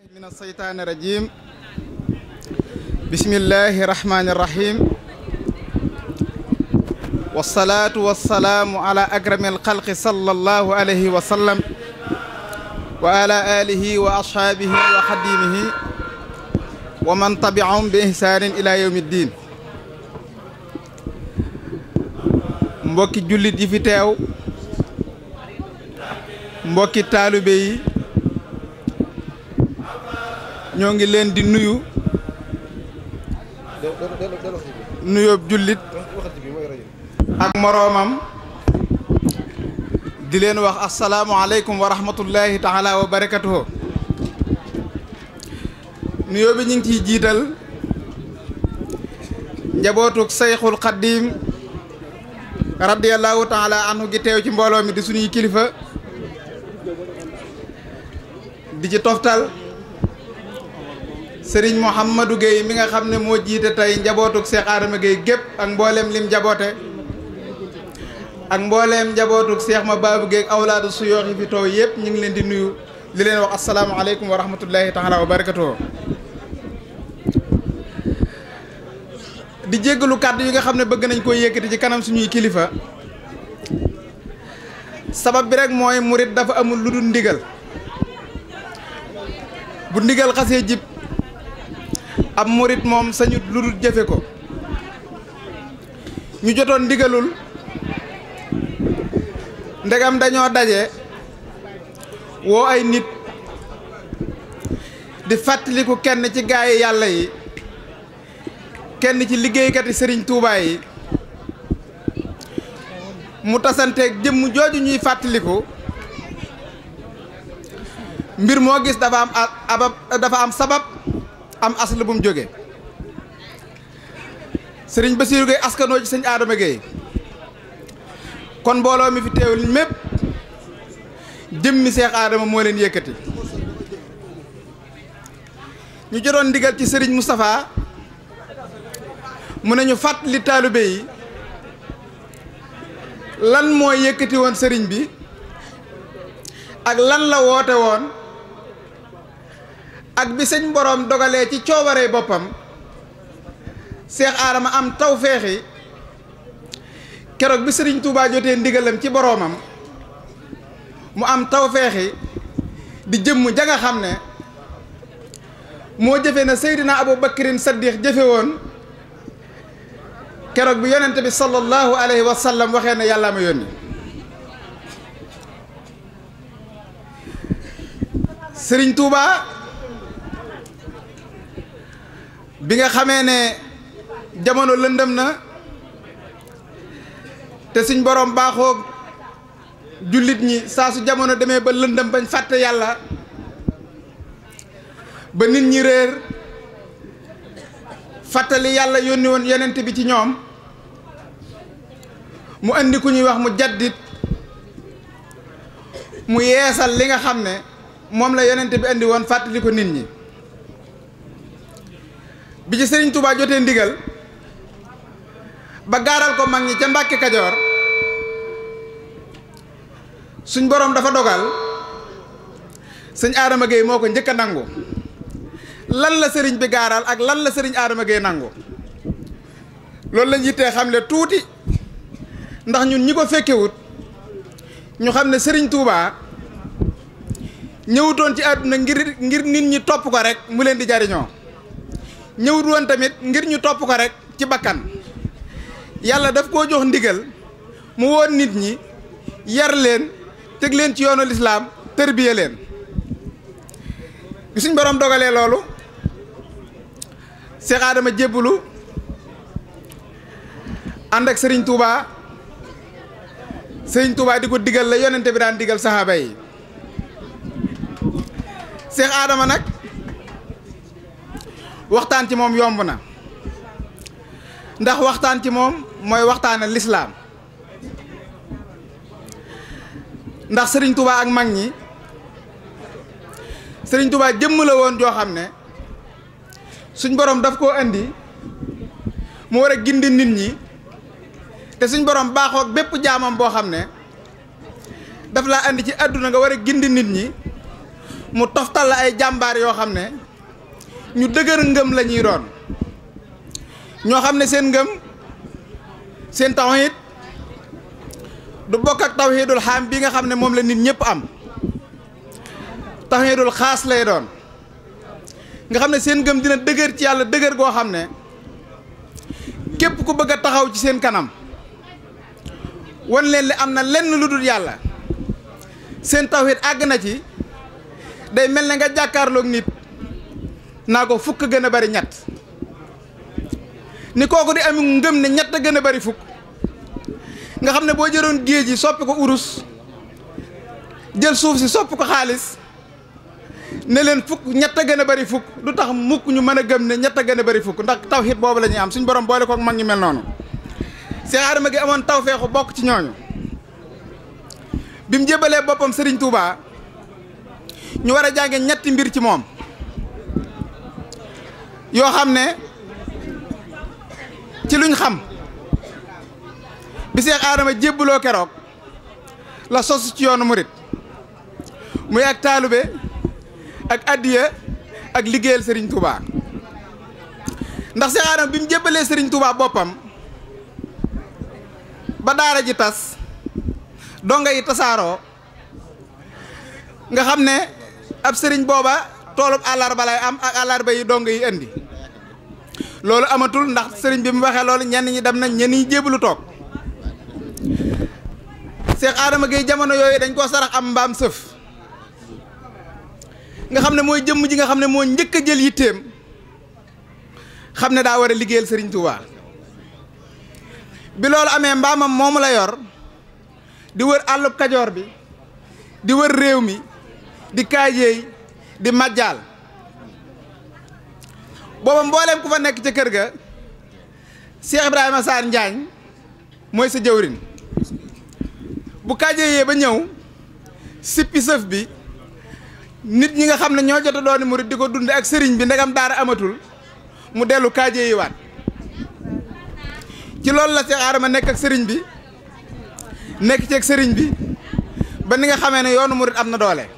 من الشيطان الرجيم بسم الله الرحمن الرحيم والصلاة والسلام على أكرم الخلق صلى الله عليه وسلم وعلى آله وأصحابه وخديمه ومن تبعهم بإحسان إلى يوم الدين mbokki jullit yi fi teew mbokki taalibe yi ñoo ngi leen di nuyu nuyoob jullit ak moroomam di leen wax asalaamualeykum wa rahmatullahi taala wa barakatuhu nuyoo bi ñu ngi ciy jiital njabootuk sayxul xaddiim radiyallahu taala anhu gi teew ci mbooloo mi di suñuy kilifa di ci toftal sëriñ Mouhamadou Guèye mi nga xam ne moo jiite tey njabootug Cheikh Adama Guèye gépp ak mbooleem lim jaboote ak mbooleem njabootug Cheikh ma Babou Guèye ak awlaadu suyoox yi fi toog yëpp ñu ngi leen di nuyu di leen wax asalaamaaleykum wa rahmatullahi taala wa barakatuh di jéggalu kàddu yi nga xam ne bëgg nañ koo yëkkati ci kanam suñuy kilifa sabab bi rek mooy murit dafa amul lu dul ndigal bu ndigal xasee jib am murit moom sañut lu dul jëfe ko ñu jotoon ndigalul ndegam dañoo daje woo ay nit di fàttaliku kenn ci gaayi yàlla yi kenn ci liggéeykati sëriñ Touba yi mu tasanteeg jëmm jooju ñuy fàttaliku mbir moo gis dafa am dafa am sabab am as la mu jógee sëriñ Bassirou Gueye askanoo ci sëñ Adama Gueye kon mbooloo mi fi teewul mépp jëmmi seex Adama moo leen yëkkati ñu joroon ndigal ci sëriñ Moustapha mu ne ñu fàttali taalibe yi lan moo yëkkati woon sëriñ bi ak lan la woote woon. ak bi sëñ boroom dogalee ci coobaree boppam seex aadama am tawféexi keroog bi sëriñ tuubaa jotee ndigalam ci boroomam mu am tawféexi di jëmm ja nga xam ne moo jëfe na Seydina Abu Bakrin Saddiq jëfe woon keroog bi yonent bi sallallahu alayhi wa sallam waxee ne yàllaa ma yónni sëriñ Touba. bi nga xamee ne jamono lëndëm na te suñ borom baaxoo jullit ñi saa su jamono demee ba lëndëm bañ fàtte yàlla ba nit ñi réer fàttali yàlla yónni woon yonent bi ci ñoom mu indi ku ñuy wax mu jaddit mu yeesal li nga xam ne moom la yenent bi andi woon fàttali nit ñi bi ci sëriñ Touba jotee ndigal ba gaaral ko mag ñi ca Mbàkke Kajoor suñ boroom dafa dogal sëñ Adama Gueye moo ko njëkk a nangu lan la sëriñ bi gaaral ak lan la sëriñ aadama Gueye nangu loolu lañ yittee xamle tuuti ndax ñun ñi ko fekkewut ñu xam ne sëriñ tuubaa ñëwutoon ci àdduna ngir ngir nit ñi topp ko rek mu leen di jariñoo ñëwut woon tamit ngir ñu topp ko rek ci bakkan yàlla daf koo jox ndigal mu woon nit ñi yar leen teg leen ci yoonu lislaam tërbiye leen bi suñ borom dogalee loolu Cheikh Adama jébbulu ànd ak Serigne Touba Serigne di ko digal la yonente bi daan digal saxaaba yi Cheikh Adama nag waxtaan ci moom yomb na ndax waxtaan ci moom mooy waxtaana lislaam ndax sëriñ tubaa ak mag ñi sëriñ tubaa jëmm la woon joo xam ne suñ borom daf koo indi mu war a gindi nit ñi te suñ borom baaxoog bépp jaamam boo xam ne daf laa indi ci àdduna nga war a gindi nit ñi mu toftal la ay jàmbaar yoo xam ne ñu dëgër ngëm la ñuy doon ñoo xam ne seen ngëm seen tawhid du bokk ak tawhidul xaam bi nga xam ne moom la nit ñëpp am tawhidul xaas lay doon nga xam ne seen ngëm dina dëgër ci yàlla dëgër goo xam ne képp ku bëgg a taxaw ci seen kanam wan leen li am na lenn lu dul yàlla seen tawhid àgg na ci day mel ne nga jàkkaarlook nit naa ko fukk gën a bari ñett ni kooku di am ngëm ne ñett gën a bari fukk nga xam ne boo jëloon géej gi soppi ko urus jël suuf si soppi ko xaalis ne leen fukk ñett a gën a bari fukk du tax mukk ñu mën a gëm ne ñett a gën a bari fukk ndax taw tawxiit boobu lañuy am suñ borom boole kook mag ñu mel noonu Cheikh Adama gi amoon taw tawfeexu bokk ci ñooñu bi mu jébalee boppam Serigne Touba ñu war a jànge ñetti mbir ci moom yoo xam ne ci luñ xam bi Seex Aadama jébbaloo keroog la sos ci yoonu murit muy ak taalube ak àddiya ak liggéeyal sëriñ Touba ndax Seex Aadama bi mu jébbalee Serigne Touba boppam ba daara ji tas donga yi tasaaroo nga xam ne ab sëriñ booba toolub àllarba lay am ak àllarba yi dong yi indi loolu amatul ndax sëriñ bi mu waxee loolu ñenn ñi dem nañ ñenn ñi jébbalu toog Cheikh Adama Gueye jamono yooyu dañ koo sarax am mbaam sëf nga xam ne mooy jëmm ji nga xam ne moo njëkk a jël yitteem xam ne daa war a liggéeyal sëriñ Touba bi loolu amee mbaamam moomu la yor di wër àllub kajoor bi di wër réew mi di kaajeey di majjaal booba mbooleem ku fa nekk ci kër ga Cheikh Ibrahima Sarr Njaañ mooy sa jëwrin bu yee ba ñëw sippi sëf bi nit ñi nga xam ne ñoo jot a doon murid di ko dund ak sëriñ bi ndegam daara amatul mu dellu kaaje yi waat ci loolu la Cheikh Adama nekk ak sëriñ bi nekk ci ak sëriñ bi ba ni nga xamee ne yoonu murid am na doole.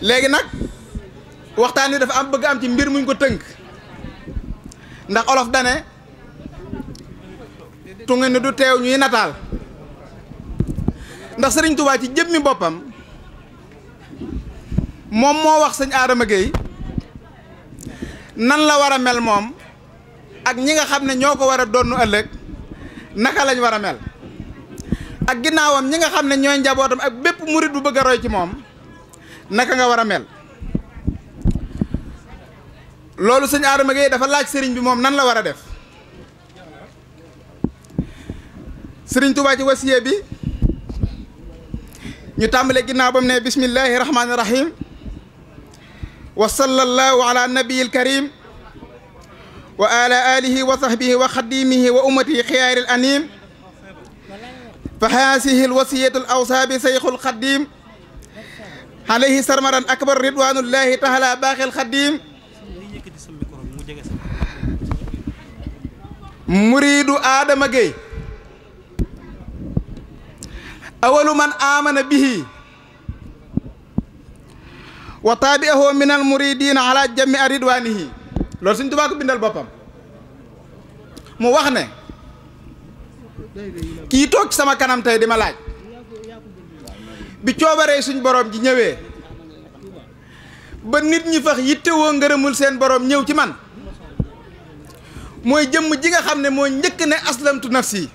léegi nag waxtaan wi dafa am bëgg am ci mbir muñ ko tënk ndax olof dane tunge ni du teew ñuy nataal ndax sëriñ Tuubaa ci jëmmi boppam moom moo wax sëñ Adama Gueye nan la war a mel moom ak ñi nga xam ne ñoo ko war a donnu ëllëg naka lañ war a mel ak ginnaawam ñi nga xam ne ñooy njabootam ak bépp murit bu bëgg a roy ci moom naka nga war a mel loolu sëñ Adama Gueye dafa laaj sëriñ bi moom nan la war a def sëriñ Touba ci wasiye bi ñu tàmbale ginnaaw ba mu ne bismillahi rahmaani rahim wa sallallahu ala nabiyil karim wa ala alihi wa sahbihi wa xadimihi wa ummatihi xiyaaril anim fa haasihi alwasiyatu al awsa bi alayhi sarmaran akbar ridwanullahi taala baaxil xadim muriidu aadama Gueye awalu man amana bihi wa taabi'ahu min al muridina ala jammi a ridwanihi loolu suñ tubaa bindal boppam mu wax ne kii toog sama kanam tey di ma laaj bi coobaree suñ boroom ji ñëwee ba nit ñi fax yittewoo ngërëmul seen boroom ñëw ci man mooy jëmm ji nga xam ne mooy njëkk ne aslamtu si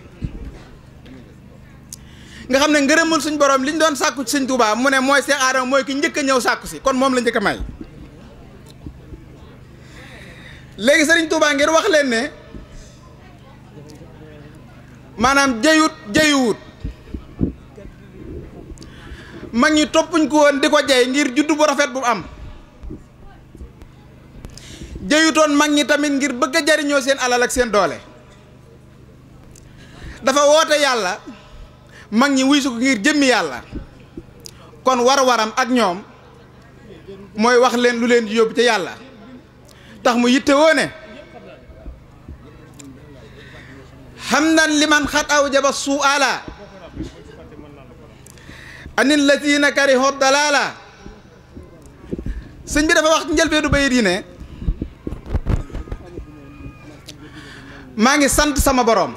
nga xam ne ngërëmul suñ borom liñ doon sàkku ci sëñ Tuubaa mu ne mooy Seex Aadama mooy ki njëkk a ñëw sàkku si kon moom la njëkk may léegi sëriñ Tuubaa ngir wax leen ne maanaam jayut jëyuwut mag ñi toppuñ ko woon di ko jay ngir juddu bu rafet bu am jëyutoon mag ñi tamit ngir bëgg a jariñoo seen alal ak seen doole dafa woote yàlla mag ñi wuy ko ngir jëmmi yàlla kon war-waram ak ñoom mooy wax leen lu leen di yóbbu ca yàlla tax mu yitte woo ne xam nan li man xat aw jaba suu ala la anil lazina karihu dalaala sëñ bi dafa wax njëlbeenu bayit yi ne maa ngi sant sama boroom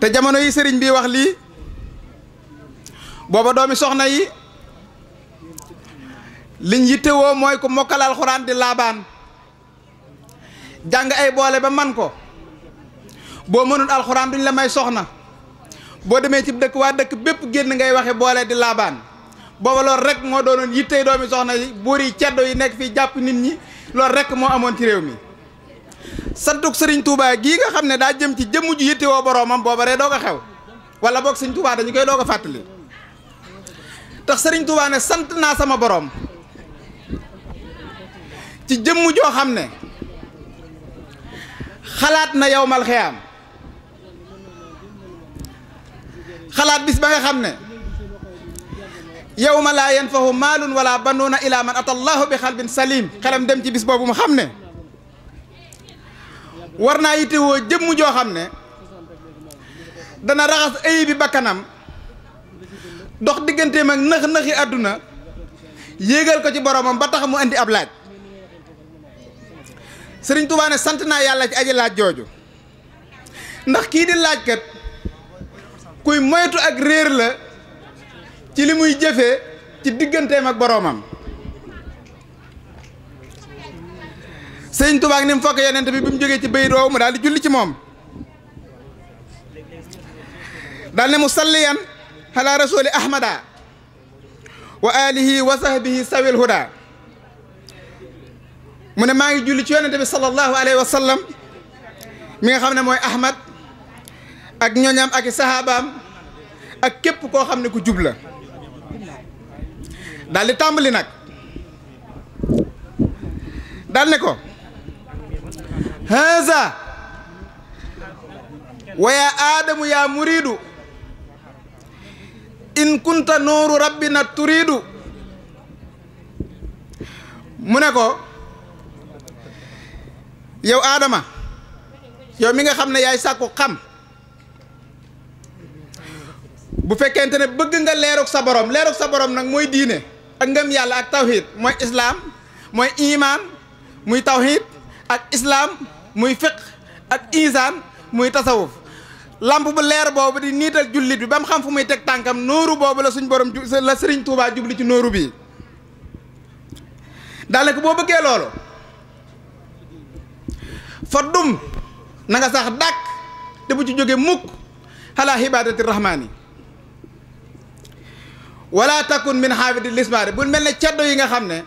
te jamono yi sëriñ bi wax lii booba doomi soxna yi liñ yittewoo mooy ku mokkal alxuraan di laabaan jàng ay boole ba man ko boo mënul alxuraan duñ la may soxna boo demee ci dëkk waa dëkk bépp génn ngay waxe boole di laabaan booba loolu rek moo doonoon yittey doomi soxna yi buur yi ceddo yi nekk fii jàpp nit ñi lool rek moo amoon ci réew mi santuk sëriñ Touba gii nga xam ne daa jëm ci jëmm ju yittewoo boroomam booba rek doo ko xew wala boog sëriñ Touba dañu koy doo ko fàttali tax sëriñ Touba ne sant naa sama boroom ci jëmm joo xam ne xalaat na yow mal xalaat bis ba nga xam ne yow ma laa yanfahu maalun wala banuuna ila man ata allahu bi xalbin salim xelam dem ci bis boobu mu xam ne war naa yittewoo jëmm joo xam ne dana raxas ayi bi bakkanam dox digganteem ak nëx-nëxi àdduna yéegal ko ci boromam ba tax mu indi ab laaj sëriñ Tuubaa ne sant naa yàlla ci aji laaj jooju ndax kii di laaj kat kuy moytu ak réer la ci li muy jëfee ci digganteem ak boroomam sëñ Tuubaa ni mu fokk bi mu jógee ci bayit woowu mu daal di julli ci moom daal ne mu salliyan ala rasuli ahmada wa alihi wa sahbihi sawil huda mu ne maa ngi julli ci yonent bi sallallahu alayhi wa sallam mi nga xam ne mooy ahmad ak ñoñaam ak i ak képp koo xam ne ku jub la tàmbali nag daal ne ko haza wa yaa aadamu yaa muriidu in kunta nuuru rabbina turiidu mu ne ko yow aadama yow mi nga xam ne yaay sàkku xam bu fekkente ne bëgg nga leerug sa borom leerug sa borom nag mooy diine ak ngëm yàlla ak tawhid mooy islaam mooy imaan muy tawhid ak islaam muy fiq ak isaan muy tasawuf lamp bu leer boobu di niital jullit bi ba mu xam fu muy teg tànkam nooru boobu la suñ borom la sëriñ Tuubaa jubli ci nooru bi daanaka boo bëggee loolu fa dum na sax dàq te bu ci jóge mukk xalaa ibaadati rahmaani wala takun min xaafidi lismaari bul mel ne ceddo yi nga xam ne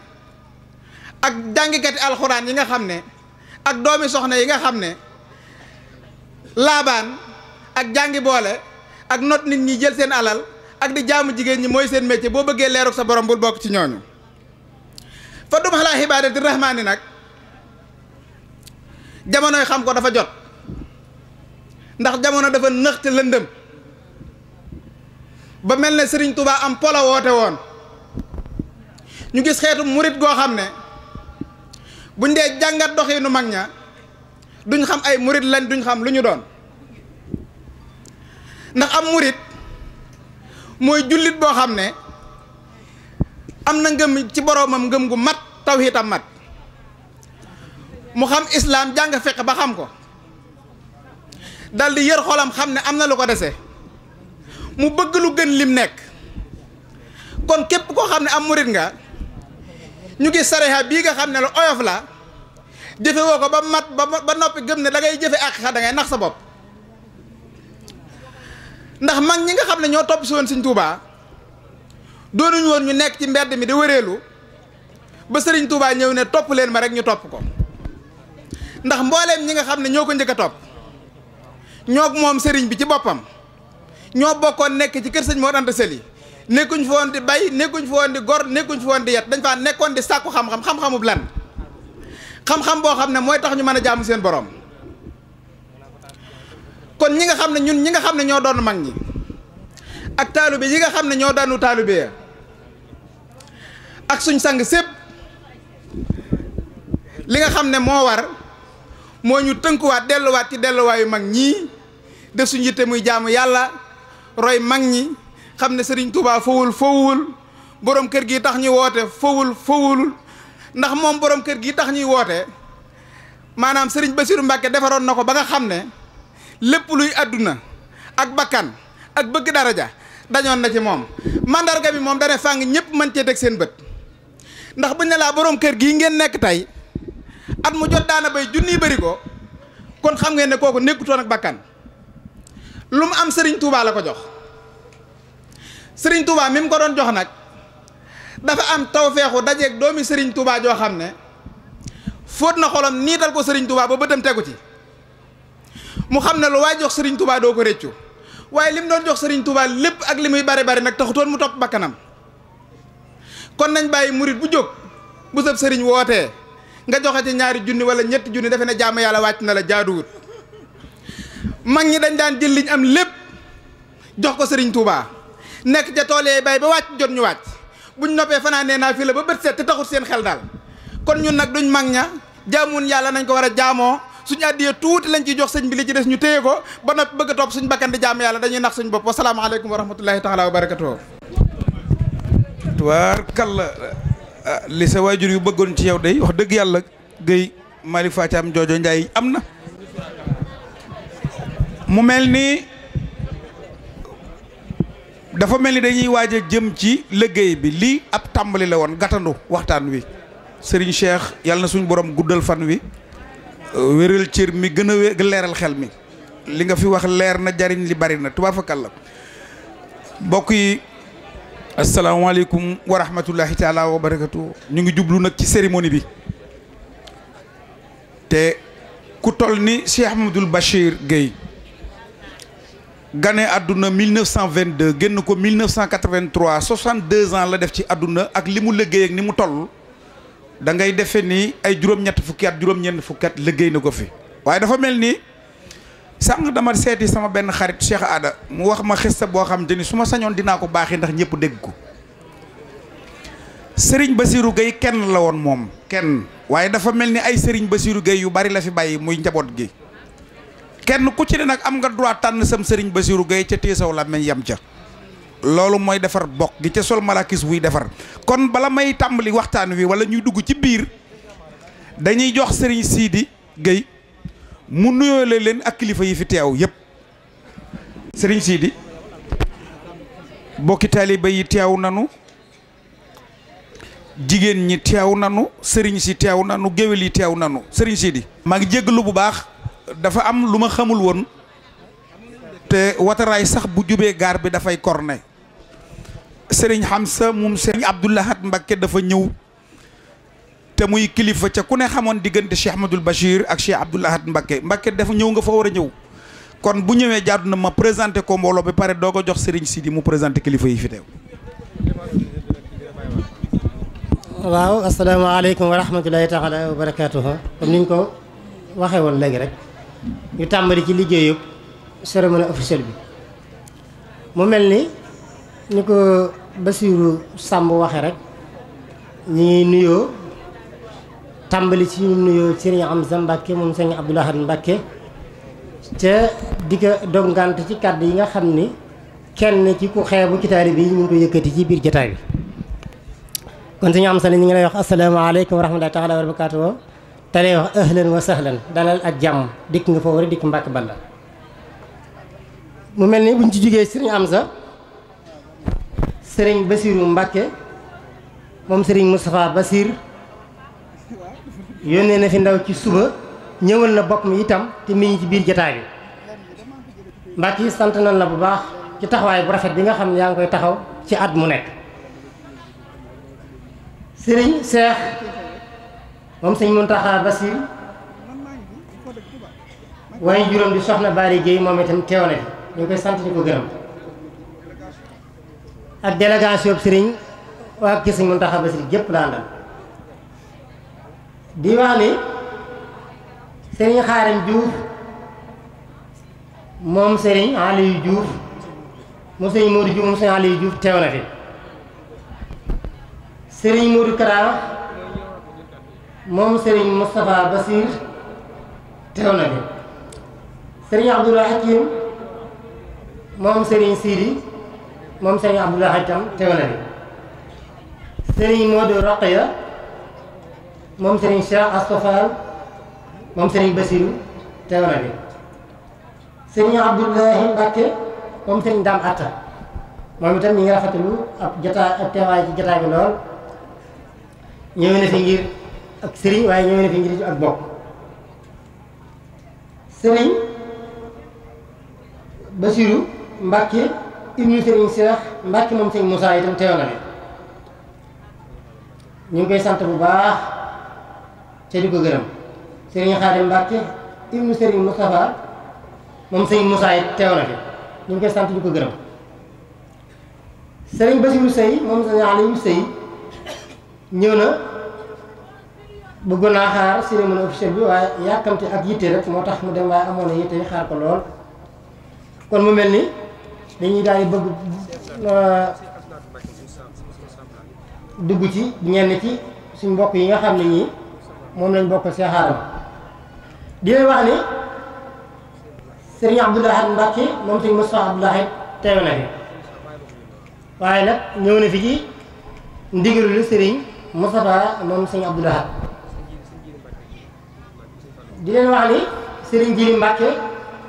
ak jàngikati alxuraan yi nga xam ne ak doomi soxna yi nga xam ne laabaan ak jàngi boole ak not nit ñi jël seen alal ak di jaamu jigéen ñi mooy seen métier boo bëggee leerug sa borom bul bokk ci ñooñu fa dum xalaa xibaadati rahmaani nag jamonoy xam ko dafa jot ndax jamono dafa nëxte lëndëm ba mel ne Serigne Touba am polo woote woon ñu gis xeetu murit goo xam ne buñ dee jàngat doxinu mag ña duñ xam ay murit lañ duñ xam lu ñu doon ndax am murit mooy jullit boo xam ne am na ngëm ci boroomam ngëm gu mat taw itam mat mu xam islaam jàng fekk ba xam ko dal yër xolam xam ne am na lu ko dese mu bëgg lu gën lim nekk kon képp koo xam ne am murit nga ñu ngi sarexa bii nga xam ne la oyof la jëfe woo ko ba mat ba noppi gëm ne da ngay jëfe àqiqa da ngay nax sa bopp ndax mag ñi nga xam ne ñoo topp si woon Sëriñ Tuubaa doonuñu woon ñu nekk ci mbedd mi di wëreelu ba Sëriñ Tuubaa ñëw ne topp leen ma rek ñu topp ko ndax mbooleem ñi nga xam ne ñoo ko njëkk a topp ñoo moom sëriñ bi ci boppam ñoo bokkoon nekk ci kër sëñ Mor Anta Sali nekkuñ fa woon di bay nekkuñ fa woon di gor nekkuñ fa woon di yet dañ faa nekkoon di sàkku xam-xam xam-xamub lan xam-xam boo xam ne mooy tax ñu mën a jaamu seen borom kon ñi nga xam ne ñun ñi nga xam ne ñoo doon mag ñi ak taalibe yi nga xam ne ñoo daanu taalibe ya ak suñ sang sépp li nga xam ne moo war moo ñu tënkuwaat delluwaat ci delluwaayu mag ñii def suñ yitte muy jaamu yàlla roy mag ñi xam ne sëriñ Touba fowul fowul borom kër gi tax ñuy woote fowul fowul ndax moom borom kër gi tax ñuy woote maanaam sëriñ Bassirou Mbacke defaroon na ko ba nga xam ne lépp luy àdduna ak bakkan ak bëgg daraja dañoon na ci moom mandarga bi moom dane fàng ñëpp mën cee teg seen bët ndax bu ñu laa borom kër gii ngeen nekk tey at mu jot daana bay junniy bëri ko kon xam ngeen ne kooku nekkutoon ak bakkan lu mu am sëriñ Touba la ko jox sëriñ Touba mi mu ko doon jox nag dafa am tawféexu dajeeg doomi sëriñ Touba joo xam ne fóot na nii dal ko Serigne Touba ba bëtam tegu ci mu xam ne lu waay jox sëriñ Touba doo ko réccu waaye li mu doon jox sëriñ Touba lépp ak li muy bari bari nag taxutoon mu topp bakkanam kon nañ bàyyi murit bu jóg bu sëb Serigne wootee nga joxe ci ñaari junni wala ñetti junni defe ne jàmm yàlla wàcc na la jaaduwut. mag ñi dañ daan jël liñ am lépp jox ko sëriñ Touba nekk ca tool yaay bay ba wàcc jot ñu wàcc buñ noppee fanaanee naa fii la ba bët set te taxut seen xel daal kon ñun nag duñ mag ña jaamuun yàlla nañ ko war a jaamoo suñu àddiyee tuuti lañ ciy jox sëñ bi li ci des ñu téye ko ba noppi bëgg a topp suñ bakkan di jaam yàlla dañuy nax suñ bopp wasalaamaaleykum wa rahmatullahi taala wa barakatuh tuwaar kàlla ah, li sa waajur yu bëggoon ci yow day wax dëgg yàlla gay Malick Fatiam joojo Ndiaye am na mu mel nii dafa mel ni dañuy waaj a jëm ci liggéey bi lii ab tàmbali la woon gàttandu waxtaan wi sëriñ Cheikh yàlla na suñu boroom guddal fan wi euh, wéral cër mi gën a leeral xel mi li nga fi wax leer na jariñ li bari na tubaar fakal la mbokk yi asalaamaaleykum wa rahmatullahi taala wa ñu ngi jublu nag ci cérémonie bi te ku toll ni Cheikh Ahmadoul Bachir Gueye gane àdduna 1922 génn ko 1983 62 ans la def ci àdduna ak li mu liggéey ni mu toll da ngay defe ni ay juróom-ñett fukki at juróom-ñenn fukki at liggéey na ko fi waaye dafa mel ni sànq dama seeti sama benn xarit Cheikh Ada mu wax ma xista boo xam ni su ma sañoon dinaa ko baaxee ndax ñëpp dégg ko Serigne Bassirou Gueye kenn la woon moom kenn waaye dafa mel ni ay Serigne Bassirou géey yu bari la fi bàyyi muy njaboot gi kenn ku ci ne nag am nga droit tànn sam sëriñ Basiru Gaye ca téesaw la meñ yam ca loolu mooy defar bokk gi ca sol malakis wuy defar kon bala may tàmbali waxtaan wi wala ñuy dugg ci biir dañuy jox sëriñ Sidi Gueye mu nuyoole leen ak kilifa yi fi teew yépp sëriñ Sidi bokki taaliba yi teew nanu jigéen ñi teew nanu sëriñ si teew nanu géwél yi teew nanu sëriñ Sidi maa ngi jéggalu bu baax dafa am lu ma xamul woon te wateraay sax bu jubee gaar bi dafay corne sëriñ xam Hamsa moom sëriñ Abdoulahat Mbacké dafa ñëw te muy kilifa ca ku ne xamoon diggante Cheikh Ahmadoul Bachir ak Cheikh Abdoulahat Mbacké dafa ñëw nga fa war a ñëw kon bu ñëwee jaadu na ma présenté ko mbooloo bi pare doog a jox sëriñ Sidi mu présenté kilifa yi fi teew waaw asalaamaaleykum wa rahmatulahi taala wa barakaatuhu ko waxee woon léegi rek ñu tàmbali ci liggéeyub cérémonie officielle bi mu mel ni ñu ko Basiiru Sàmb waxe rek ñu ngi nuyoo tàmbali ci ñu nuyoo am sa Mbàkke moom Sëriñ Abdul Ahad Mbàkke ca di ko dongant ci kàddu yi nga xam ni kenn ci ku xeebu ci taari bi ñu ngi ko yëkkati ci biir jataay bi kon Sëriñ Amsa ñu ngi lay wax asalaamaaleykum wa rahmatullaahi taala wa barakaatuh te lay wax ahlan wa sahlan dalal ak jàmm dikk nga foo war a dikk mbàkk balla mu mel ni buñ ci jógee sëriñ sa sëriñ Basiru Mbàkke moom sëriñ Moustapha Basir yónnee na fi ndaw ci suba ñëwal na bokk mi itam te mi ci biir jataay bi mbàkk yi sant nañ la bu baax ci taxawaay bu rafet bi nga xam yaa ngi koy taxaw ci at mu nekk sëriñ Seex moom sëñ Muntaxa Basiir waaye juróom di soxna Bari Gueye moom itam teew na fi ñu koy sant di ko gërëm ak délégation bi sëriñ waa kii sëñ Muntaxa Basiir gépp la àndal di wax ni sëriñ Xaarim Diouf moom sëriñ Aliou Diouf moom sëriñ Modou Diouf moom sëriñ Aliou Diouf teew na fi sëriñ Modou Kara moom Serigne Moustapha Basir teew na bi Serigne Abdoul Hakim moom Serigne Sidi moom Serigne Abdoul Hakim teew bi Serigne Modou Roqaya moom Serigne Cheikh Astofal moom Serigne Basirou teew na bi Serigne Abdoulahi Mbacke moom Serigne Dame Atta moom itam ñi ngi rafetlu ab jotaay ab teewaay ci jotaay bi lool ñëw na fi ngir. ak sëriñ waaye ñëw na fi ngir ak bokk sëriñ Basiru Mbàkke ibnu sëriñ Seex moom sëriñ Moussa itam teew na ñu ngi koy sant bu baax ca di ko gërëm sëriñ Xaadim Mbàkke ibnu sëriñ Moustapha moom sëriñ Moussa it fi ñu ngi koy sant di ko gërëm sëriñ Basiru Sëy moom sëriñ Aliou Sëy ñëw na bëggoon naa xaar cérémonie officielle bi waaye yàkkamti ak yitte rek moo tax mu dem waaye amoon na yitte xaar ko lool kon mu mel ni dañuy daal di bëgg euh, dugg ci ñenn ci suñ mbokk yi nga xam ne ñii moom lañ bokk see xaaram di leen wax ni sëriñ Abdou Lahad Mbacke moom sëriñ Moustapha Abdou Lahad na fi waaye nag ñëw na fi ci ndigalu sëriñ Moustapha moom sëriñ Abdou di leen wax ni Serigne Jili Mbàkke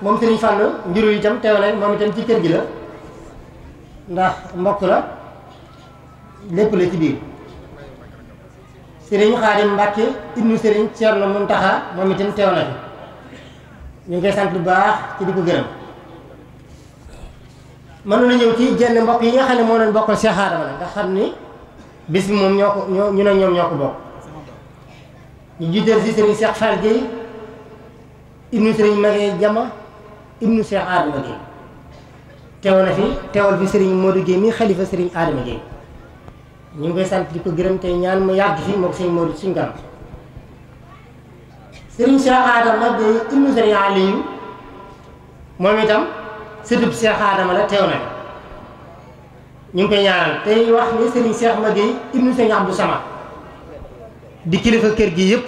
moom Serigne Fàllu njuru itam teew na moom itam ci kër gi la ndax mbokk la lépp la ci biir Serigne Xaadim Mbàkke ibnu Serigne Ceerno Muntaxa moom itam teew na ñu ngi koy sant bu baax ci di ko gërëm mënoon na ñëw ci jenn mbokk yi nga xam ne moo leen bokkal Cheikh Adama la nga xam ni bis bi moom ñoo ko ñoo ñu ne ñoom ñoo ko bokk ñu jiital si Serigne Cheikh Fall Gueye ibnu sëriñ magee jama ibnu Cheikh Adama Gueye teewal na fi teewal fi sëriñ Modou Gueye mi xalifa sëriñ Adama Gueye ñu ngi koy sant di ko gërëm te ñaan mu yàgg fi moom sëriñ Modou suñ kanam sëriñ Cheikh Adama Gueye ibnu sëriñ Aliou moom itam la teew na ñu ngi koy ñaanal tey wax ni sëriñ Cheikh ma Gueye ibnu sëriñ Abdou Sama di kilifa kër gi yëpp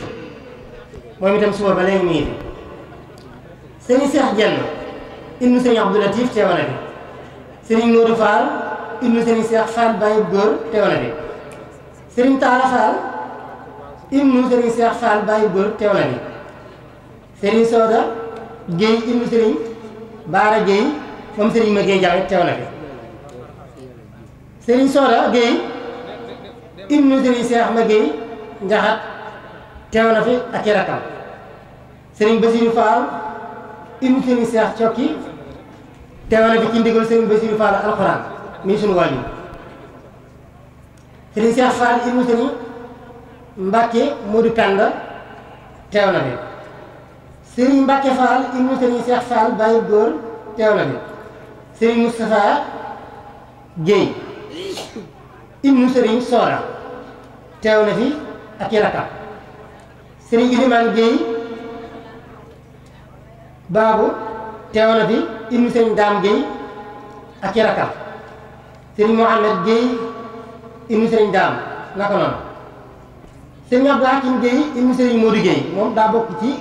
moom itam suba ba léegi fi sëriñ Cheikh Dieng ibnu sëriñ Abdou Latif teewa na fi sëriñ Nourou Fall ibnu sëriñ Cheikh Fall Baye Góor teewa na fi sëriñ Talla Fall ibnu sëriñ Cheikh Fall Baye Góor teewa na fi sëriñ Soda Guèye ibnu sëriñ Baara Guèye moom sëriñ ma Guèye Ndiaye teewa na fi sëriñ Soda Guèye ibnu sëriñ Cheikh ma Guèye Ndiaxat teewa na fi ak i rakkam sëriñ Basirou ibnu Sëriñ Seex Cokki teewane bi ci ndigal Sëriñ Basiru Fall alxuraan mi suñu waajur Sëriñ Seex Fall ibnu Sëriñ Mbàkke Moodu teew na fi Sëriñ Mbàkke Fall ibnu Sëriñ Seex Fall Baye Góor teew na fi Sëriñ Moustapha Guèye ibnu Sëriñ Soora teew na fi ak i rakkam Sëriñ Ilimaan Guèye baabu teew na fi ibnu sëriñ daam géey ak i rakkam sëriñ Mohamed géey ibnu sëriñ daam naka noonu sëriñ Abdou Hakim géey géey moom daa bokk ci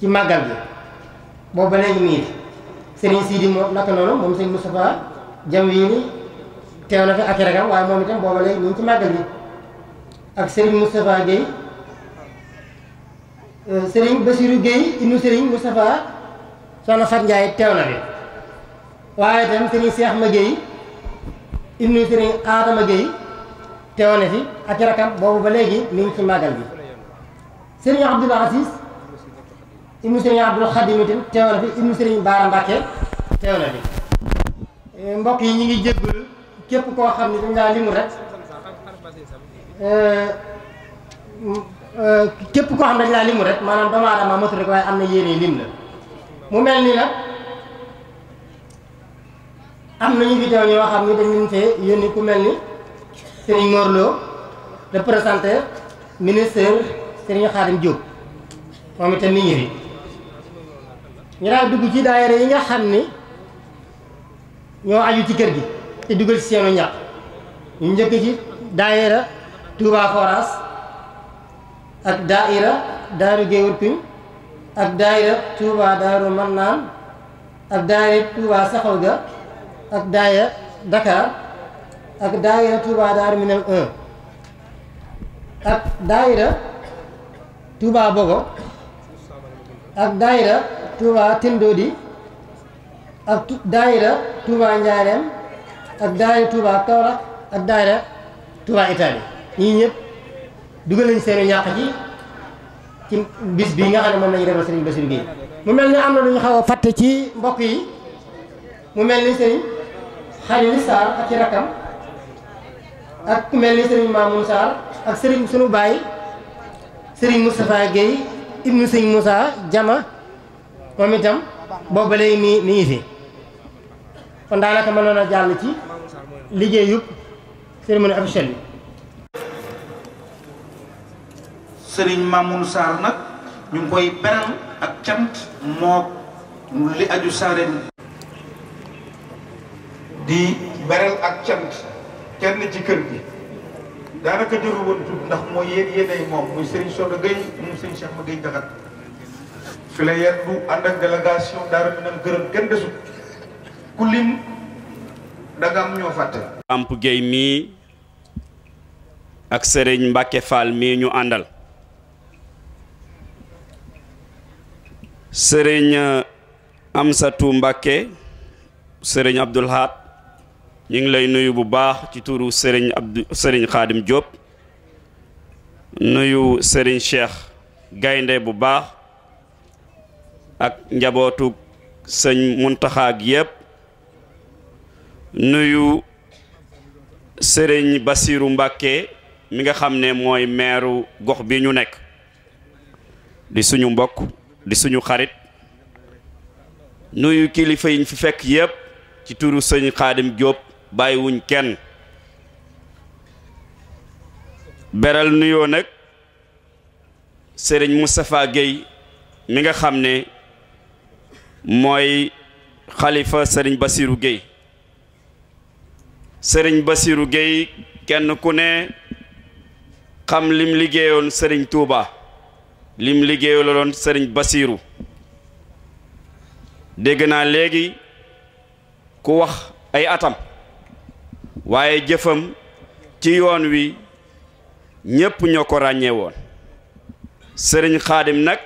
ci màggal gi boobu ba léegi noonu moom sëriñ Moustapha jam wii ni teew na fi ak i rakkam waaye moom itam booba léegi ñu ci màggal yi ak sëriñ Moustapha géey Euh, sëriñ Bassirou Guèye ibnu sëriñ Moustapha soxna Fat Ndiaye teew na bi waaye tam sëriñ Cheikh Ma Guèye ibnu sëriñ Adama Guèye teew na fi ak rakam boobu ba léegi mi ngi ci màggal bi sëriñ Abdoul Aziz ibnu sëriñ Abdoul Khadim itam teew na fi ibnu sëriñ Baara Mbacke teew na fi euh, mbokk yi ñu ngi jéggul képp koo xam ne dañ laa rek euh, képp koo xam dañ laa limu rek maanaam doomu aadama motu rek waaye am na yéene lim la mu mel ni nag am nañu fi teew ñoo xam ni dañ leen fee yónni ku mel ni Serigne Mor Lo représenté ministère Serigne Khadim Diop moom itam mi ngi ñu daal dugg ci daayira yi nga xam ni ñoo aju ci kër gi te dugal ci seenu ñax ñu njëkk ci daayira Touba Forage ak daaira daaru géewul piñ ak daaira Touba daaru mannaan ak daaira Touba saxaw ga ak daaira Dakar ak daaira Touba daaru minam 1 ak daaira Touba bogo ak daaira Touba Tindodi ak daaira Touba Njaareem ak daaira Touba Kaolack ak daaira Touba Italie dugal nañ seeni ñàq ji ci bis bii nga xam ne moom lañu defal sëriñ Bassirou Gueye mu mel ne am na lu ñu xaw a fàtte ci mbokk yi mu mel ni sëriñ Khalil Sarr ak ci rakkam ak ku mel ni sëriñ Mamoun Sarr ak sëriñ sunu baay sëriñ Moustapha Gueye ibnu sëriñ Moussa Jama moom itam boobu ba léegi mi mi ngi fi kon daanaka mënoon a jàll ci liggéey yëpp cérémonie officielle bi Serigne Mamoun Sarr nag ñu ngi koy beral ak cant moo li aju saareen di beral ak cant kenn ci kër gi daanaka jëru woon ndax mooy yéen yéenay moom muy Serigne Soda Gueye moom Serigne Cheikh ma Gueye Jaxat fi la yendu ànd ak délégation mi kenn desut ku lim ñoo fàtte amp Gueye mii ak Serigne Mbacke Fall mii ñu àndal sëriñ eh, Amsatu Mbàkke sëriñ Abdul Ahad ñu ngi lay nuyu bu baax ci turu sëriñ Abdu sëriñ Xaadim Jóob nuyu sëriñ Cheikh Gaynde bu baax ak njabootu sëñ Muntaxa ak yépp nuyu sëriñ Basiiru Mbàkke mi nga xam ne mooy meeru gox bi ñu nekk di suñu mbokk di suñu xarit nuyu kilifa yiñ fi fekk yëpp ci turu sëñ Xaadim Jóob bàyyiwuñ kenn beral nuyoo nag sëriñ Moustapha Guèye mi nga xam ne mooy xalifa sëriñ Bassirou Guèye sëriñ Bassirou Guèye kenn ku ne xam lim liggéeyoon sëriñ Touba. lim liggéeyu la doon sëriñ Basiiru dégg naa léegi ku wax ay atam waaye jëfam ci yoon wi ñépp ñoo ko ràññee woon sëriñ Xaadim nag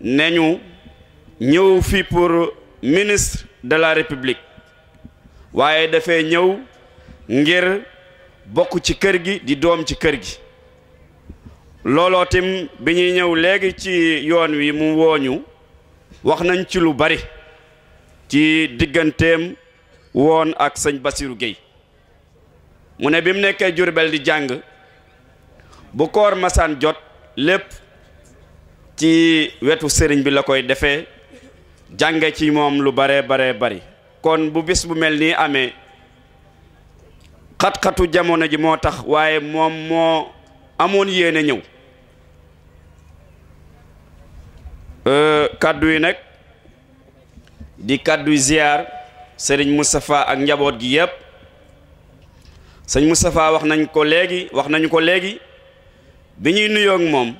ne ñu ñëw fii pour ministre de la république waaye dafay ñëw ngir bokk ci kër gi di doom ci kër gi looloo tim bi ñuy ñëw léegi ci yoon wi mu wooñu wax nañ ci lu bari ci digganteem woon ak sëñ Basiru Géy mu ne bi mu nekkee Jurbel di jàng bu koor masaan jot lépp ci wetu sëriñ bi la koy defee jànge ci moom lu bare bare bari kon bu bis bu mel nii amee xat-xatu jamono ji moo tax waaye moom moo amoon yéene ñëw Euh, kàddu yi nag di kàdduy ziar sëriñ Moustapha ak njaboot gi yëpp sëñ Moustapha wax nañ ko léegi wax nañu ko léegi bi ñuy nuyoo moom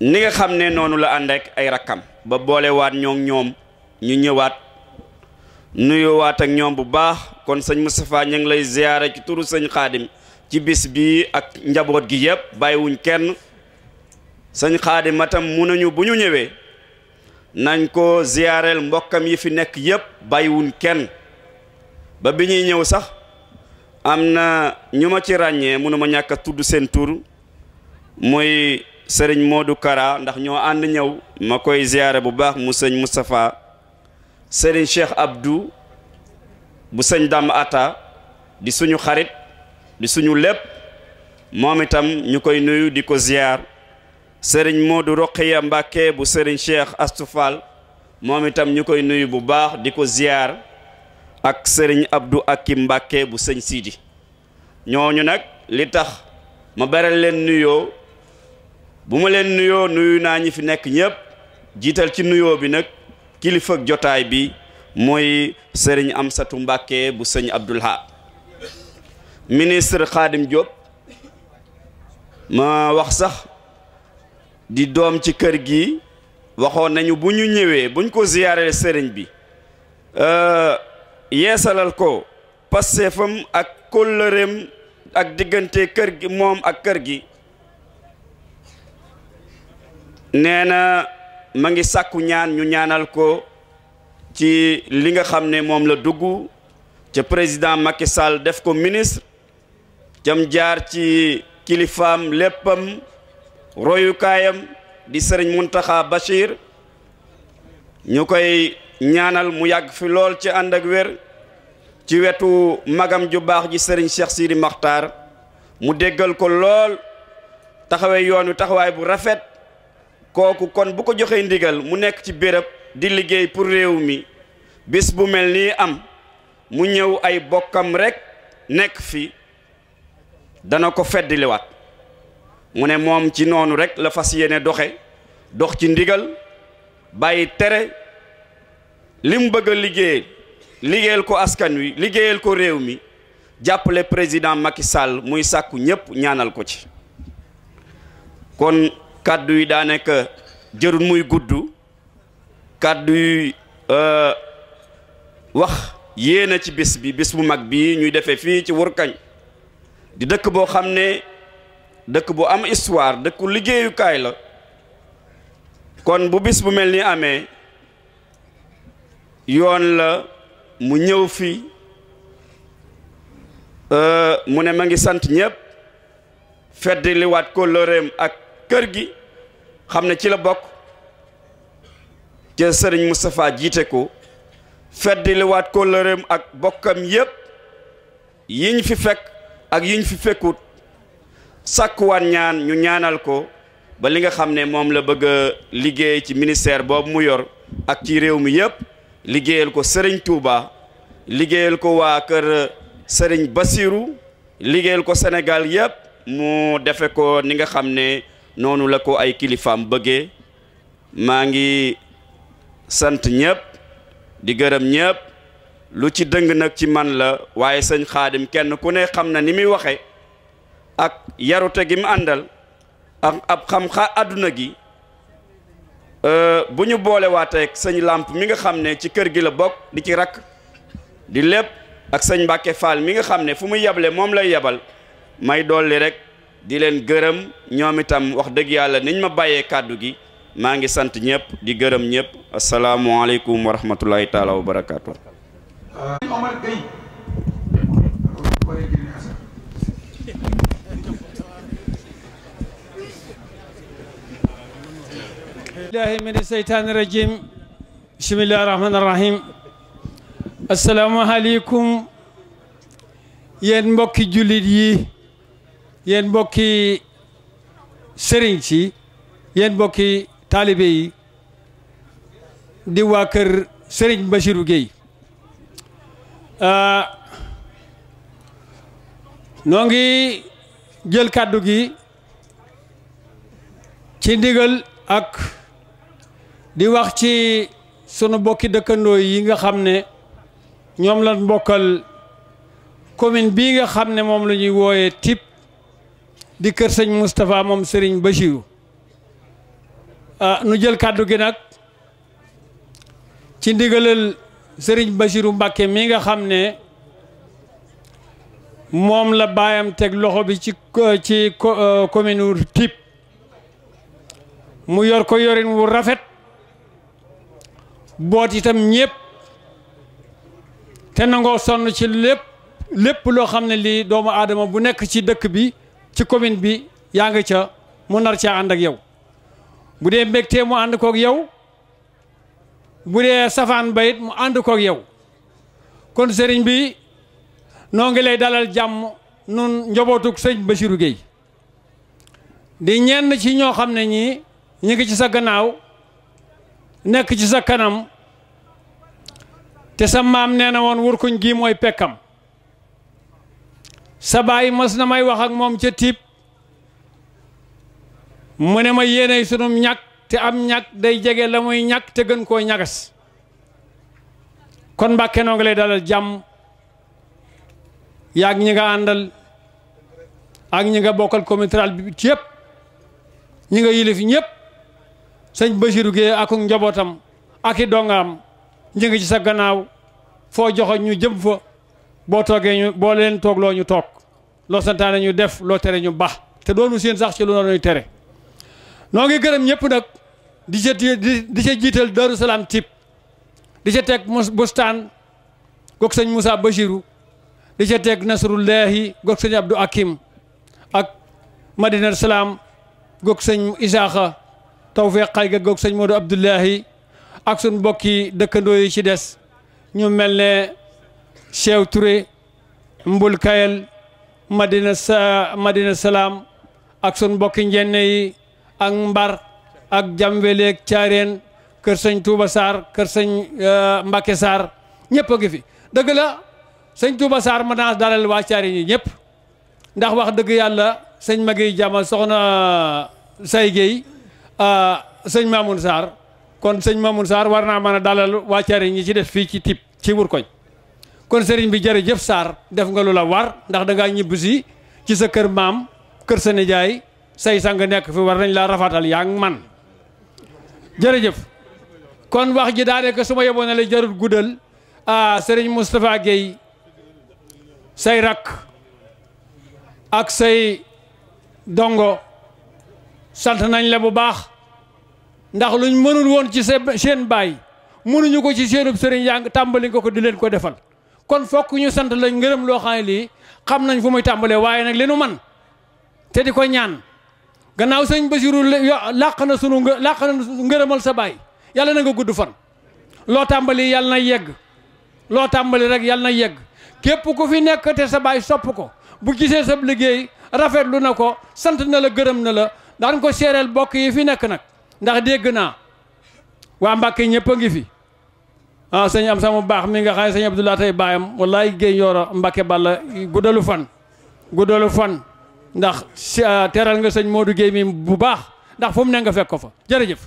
ni nga xam ne noonu la ànd ak ay rakkam ba boolewaat ñoo ñoom ñu ñëwaat nuyoowaat ak ñoom bu baax kon sëñ Moustapha ñu ngi lay ziyaare ci turu sëñ Xaadim ci bis bi ak njaboot gi yëpp bàyyiwuñ kenn sëñ xaadi matam mu nañu bu ñu ñëwee nañ koo ziyaareel mbokkam yi fi nekk yépp bàyyiwuñ kenn ba bi ñuy ñëw sax am na ñu ma ci ràññee mënuma ñàkk a tudd seen tuur muy sëriñ Modou Kara ndax ñoo ànd ñëw ma koy ziyaare bu baax mu sëñ Moustapha sëriñ Cheikh Abdou bu sëñ Dam Atta di suñu xarit di suñu lépp moom itam ñu koy nuyu di ko ziyaar sëriñ Modou Roqeya Mbàkke bu sëriñ Cheikh Astou moom itam ñu koy nuyu bu baax di ko ziyaar ak sëriñ Abdou Akim Mbàkke bu sëñ Sidi ñooñu nag li tax ma beral leen nuyoo bu ma leen nuyoo nuyu naa ñi fi nekk ñépp jiital ci nuyoo bi nag kilifa jotaay bi mooy sëriñ Amsatu Mbàkke bu sëñ Abdul Ahad ministre Khadim ma wax sax di doom ci kër gi waxoon nañu bu ñu ñëwee buñ ko ziyaaree sëriñ bi euh, yeesalal ko passeefam ak kóllëreem ak diggante kër gi moom ak kër gi nee na ma ngi sàkku ñaan ñu ñaanal ko ci li nga xam ne moom la dugg ca président Macky Sall def ko ministre cam jaar ci kilifaam léppam royukaayam di sëriñ Muntaxa Bachir ñu koy ñaanal mu yàgg fi lool ci ànd ak wér ci wetu magam ju baax ji sëriñ Cheikh Sidi Maxtaar mu déggal ko lool taxawe yoon wi taxawaay bu rafet kooku kon bu ko joxee ndigal mu nekk ci béréb di liggéey pour réew mi bés bu mel nii am mu ñëw ay bokkam rekk nekk fi dana ko feddiliwaat mu ne moom ci noonu rek la fas yéene doxe dox ci ndigal bàyyi tere li mu bëgg a liggéey liggéeyal ko askan wi liggéeyal ko réew mi jàppale président Macky Sall muy sàkku ñépp ñaanal ko ci kon kàddu yi daanaka jërul muy gudd kàddu yi euh, wax yéena ci bis bi bis bu mag bii ñuy defee fii ci Wurkañ di dëkk boo xam ne dëkk bu am histoire dëkku liggéeyukaay la kon bu bis bu mel ni amee yoon la mu ñëw fi euh, mu ne ma ngi sant ñëpp feddi liwaat ko lëreem ak kër gi xam ne ci la bokk ca sëriñ Moustapha jiite ko feddi liwaat ko lëreem ak bokkam yëpp yiñ fi fekk ak yiñ fi fekkut sàkkuwaat ñaan ñu ñaanal ko ba li nga xam ne moom la bëgg a liggéey ci ministère boobu mu yor ak ci réew mi yëpp liggéeyal ko sëriñ Touba liggéeyal ko waa kër sëriñ Basirou liggéeyal ko senegal yëpp mu defe ko ni nga xam ne noonu la ko ay kilifaam bëggee maa ngi sant ñëpp di gërëm ñëpp lu ci dëng nag ci man la waaye sëñ xaadim kenn ku ne xam na ni muy waxe ak yarute gi mu àndal ak ab xam-xa àdduna gi euh, bu ñu boole waatee ak sëñ làmp mi nga xam ne ci kër gi la bokk di ci rakk di lépp ak sëñ Mbàkke Fall mi nga xam ne fu muy yable moom lay yabal may dolli rek di leen gërëm ñoom itam wax dëgg yàlla niñ ma bàyyee kàddu gi maa ngi sant ñëpp di gërëm ñëpp asalaamualeykum wa rahmatullahi taala wa barakaatu. billahi min seytaan rajim bismillahi rahmani rahim asalaamaaleykum jullit yi yéen mbokki sëriñ si yéen mbokki taalibe yi di waa kër sëriñ Bachirou Gueye ah, noo ngi jël kàddu gi ci ndigal ak di wax ci sunu bokki dëkkandoo yi nga xam ne ñoom la mbokkal commune bii nga xam ne moom la ñuy wooyee TIP di kër sëñ Moustapha moom Serigne Bachirou ah nu jël kàddu gi nag ci ndigalal sëriñ Bachirou mbakke mi nga xam ne moom la baayam teg loxo bi ci ci euh, commune TIP mu yor ko yorin wu rafet boot itam ñëpp te nangoo sonn ci lépp lépp loo xam ne lii doomu aadama bu nekk ci dëkk bi ci commune bi yaa ngi ca mu nar caa ànd ak yow bu dee mbégtee mu ànd koog yow bu dee safaan bayit mu ànd koog yow kon sëriñ bi noo ngi lay dalal jàmm nun njobootug sëñ Bassirou Gueye di ñenn ci ñoo xam ne ñii ñu ngi ci sa gannaaw nekk ci sa kanam te sa maam nee na woon wurkuñ gii mooy pekkam sa baay mas na may wax ak moom ca tiib mu ne ma yéeney sunum ñakk te am ñàkk day jege la muy ñàkk te gën koo ñagas kon mbàkke noo ngi lay dalal jàmm yaag ñi nga àndal ak ñi nga bokkal communauté bi ci yëpp ñi nga yilif ñëpp sëñ Bachirou Guèye ak njabootam ak i dongaam ñi ngi ci sa gannaaw foo joxoñ ñu jëm fa boo toogee ñu boo leen toog loo ñu toog loo santaane ñu def loo tere ñu baax te doonu seen sax ci lu noonu tere noo ngi gërëm ñëpp nag di ca di ca jiital Darou Salaam Typ di ca teg bustaan goog sëñ Moussa Bachirou di ca teg Nasrullahi goog sëñ Abdou Hakim ak Madina Salaam goog sëñ Isaaxa Tawfeex Xay ga goog sëñ Modou Abdoulahi ak suñ mbokki dëkkandoo yi ci des ñu mel ne Cheikh Touré Mbul Kayel Madina Madina Salaam ak sun mbokki njenne yi ak Mbar ak Jamweleeg Caareen kër sëñ Touba Sarr kër sëñ euh, Mbacke Sarr ñëpp a ngi fi dëgg la sëñ Touba Sarr mën naa dalal waa Caareen yi ñëpp ndax wax dëgg yàlla sëñ Maguette Diama soxna Say Guèye euh, sëñ Mamoun Sarr. kon sëñ Mamoun saar war naa mën a dalal waa Thiaré ñi ci def fii ci tip ci Bourgogne kon sëriñ bi jëf Sarr def nga lu la war ndax da ñibbisi ci sa kër maam kër sa nijaay say sang nekk fi war nañ laa rafatal yaa ngi man jërëjëf kon wax ji daanaka su ma yeboon ne la guddal ah sëriñ Moustapha Guèye say rakk ak say dongo sant nañ la bu baax ndax luñ mënul woon ci seen baay mënuñu ko ci seenub sëriñ yaa tàmbali nga ko di leen ko defal kon fokk ñu sant lañ ngërëm loo xam ne lii xam nañ fu muy tàmbalee waaye nag li nu man te di ko ñaan gannaaw sëñ Basiru làq na sunu làq na ngërëmal sa baay yàlla na nga gudd fan loo tàmbali yàlla na yegg loo tàmbali rek yàlla na yegg képp ku fi nekk te sa baay sopp ko bu gisee sa liggéey rafetlu na ko sant na la gërëm na la daan ko seereel bokk yi fi nekk nag ndax dégg naa waa Mbàkke ñëpp a ngi fi ah sëñ am sama baax mi nga xaal ne sëñ Abdoulaye baayam wallaay géey yooro Mbàkke Balla guddalu fan guddalu fan ndax ah, teral nga sëñ Modou Guèye mi bu baax ndax fu mu ne nga fekk ko fa jërëjëf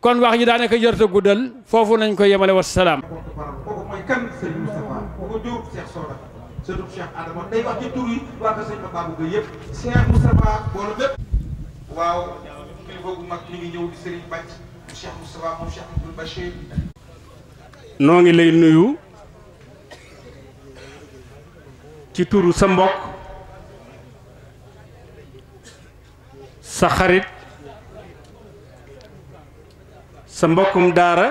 kon wax ji daanaka jërët a guddal foofu nañ koy yemale wasalaam ci tur googu mag mi ngi ñëw noo ngi lay nuyu ci turu sa mbokk sa xarit sa mbokkum daara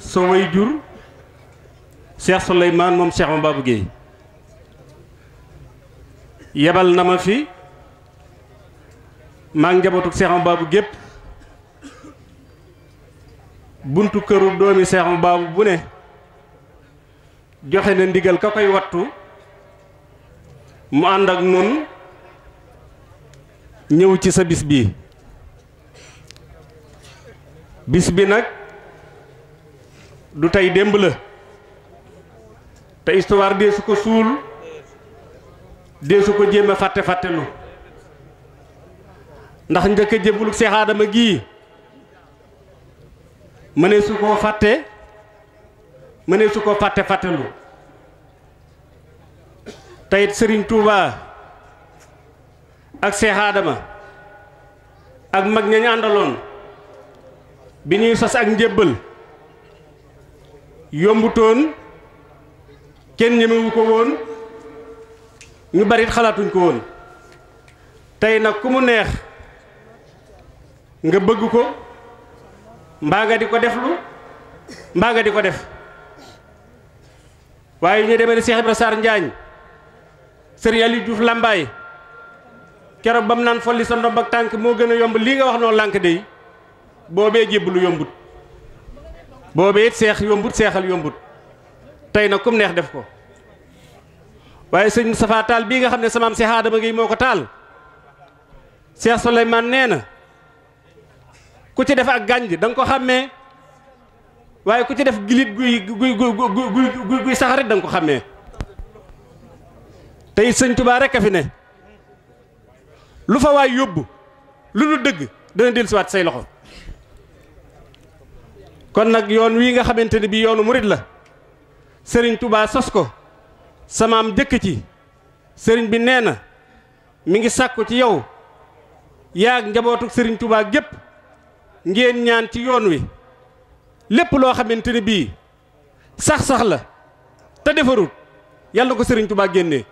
sa wayjur Cheikh Souleymane moom Cheikh Mababou Guèye yebal na ma fi maa ngi njabootu seexam baabu gépp buntu këru doomi seexam baabu bu ne joxe na ndigal ka koy wattu mu ànd ak nun ñëw ci sa bis bi bis bi nag du tey démb la te histoire dee su ko suul dee su ko jéem a fàtte fàttelu ndax njëkk a jébbalu Seex gii mënee su koo fàtte mënee su koo fàtte fàttelu teyit Sëriñ Tuubaa ak Seex ak mag ñañ àndaloon bi ñuy sos ak njébbal yombutoon kenn ñemewu ko woon ñu bari it xalaatuñ ko woon tey nag ku mu neex nga bëgg ko mbaa nga di ko def lu mbaa nga di ko def waaye ñu demee ni Cheikh Ibrahima Njaañ Serigne Aliou Diouf Lambaay keroog ba mu naan folli sa ndomb ak tànk moo gën a yomb lii nga wax noo lànk de boobee jébbalu yombut boobee it seex yombut seexal yombut tey nag kum neex def ko waaye sëñ Moustapha Tall bii nga xam ne samaam Cheikh Adama Gueye moo ko taal Cheikh Souleymane nee na ku ci def ak gànj da nga ko waaye ku ci def gilit guy guy saxarit da nga ko tey sëñ Tuubaa rekk a fi ne lu fa yóbbu lu dëgg dana dellusiwaat say loxo kon nag yoon wii nga xamante ne bii yoonu murit la sëriñ tubaa sos ko samaam jëkk ci sëriñ bi nee na mu ngi sàkku ci yow yaag njabootu sëriñ tubaa gépp ngeen ñaan ci yoon wi lépp loo xamante ne bii sax sax la te defarut yàlla na ko sëriñ Tuubaa génnee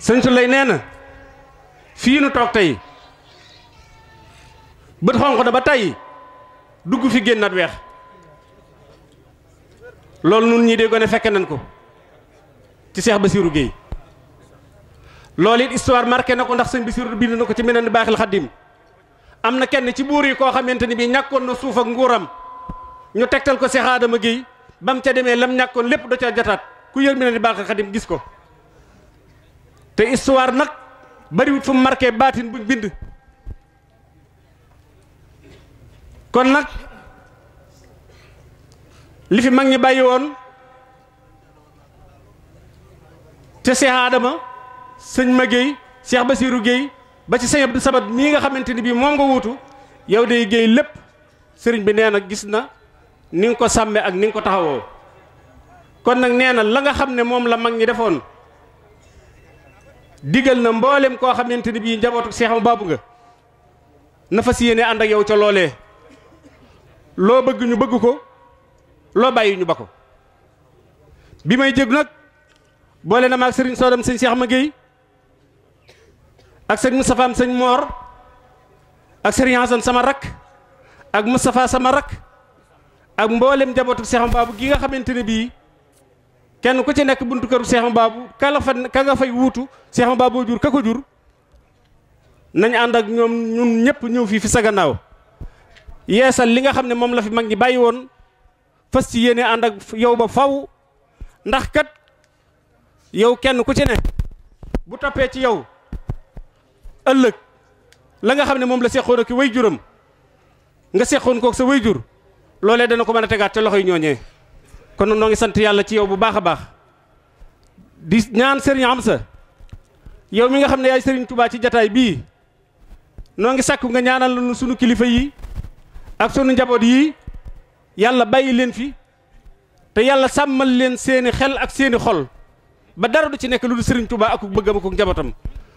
sëñ lay nee na fii nu toog tey bët xonq na ba tey dugg fi génnaat weex loolu nun ñii de gone fekke nañ ko ci Seex Basiiru Géey loolu it histoire marqué na ko ndax sëñ Bassirou bind na ko ci meneen baaxil xaddim am na kenn ci buur yi koo xamante ni bii ñàkkoon na suuf ak nguuram ñu tegtal ko Cheikh Adama Guèye ba mu ca demee lam ñàkkoon lépp da ca jotaat ku yër meneen baaxil xaddim gis ko te histoire nag bariwut fu marke marqué baatin buñ bind kon nag li fi mag ñi bàyyi woon te Cheikh sëñ ma Guèye ba Basirou Guèye ba ci sëñ Abdou Sabat mii nga xamante ni bii moom nga wuutu yow day Guèye lépp sëriñ bi nee na gis na ni ko sàmme ak ni nga ko taxawoo kon nag nee na la nga xam ne moom la mag ñi defoon digal na mboolem koo xamante ni bii njabootu Cheikh ma baabu nga nafa si yéene ànd ak yow ca loolee loo bëgguñu ñu bëgg ko loo bàyyi ñu ba ko bi may jég nag boole na maa sëriñ soodam sëñ Cheikh ma Guèye ak sëñ Moustapha sëñ Mor ak sama rakk ak Moustapha sama rakk ak mboolem njabootu Seex Baabu nga xamante ne bii kenn ku ci nekk buntu këru Seex Baabu ka la wuutu Seex Baabu jur ka jur nañ ànd ak ñoom ñun ñëpp ñëw fii fi sa gannaaw yeesal li nga xam ne moom la fi mag ñi bàyyi woon fas ci yéene ànd ak yow ba faw ndax kat yow kenn ku ci ne bu toppee ci yow. ëllëg la nga xam ne moom la seqoon ak way juram nga seqoon kook sa way jur loolee dana ko mën a tegaat te loxoy ñooñee kon noo ngi sant yàlla ci yow bu baax a baax di ñaan sëriñ sa yow mi nga xam ne yaay sëriñ tubaa ci jataay bii noo ngi sàkku nga ñaanal nu sunu kilifa yi ak sunu njaboot yi yàlla bàyyi leen fi te yàlla sàmmal leen seeni xel ak seeni xol ba dara du ci nekk lu dul sëriñ Touba ak bëggam ak njabootam.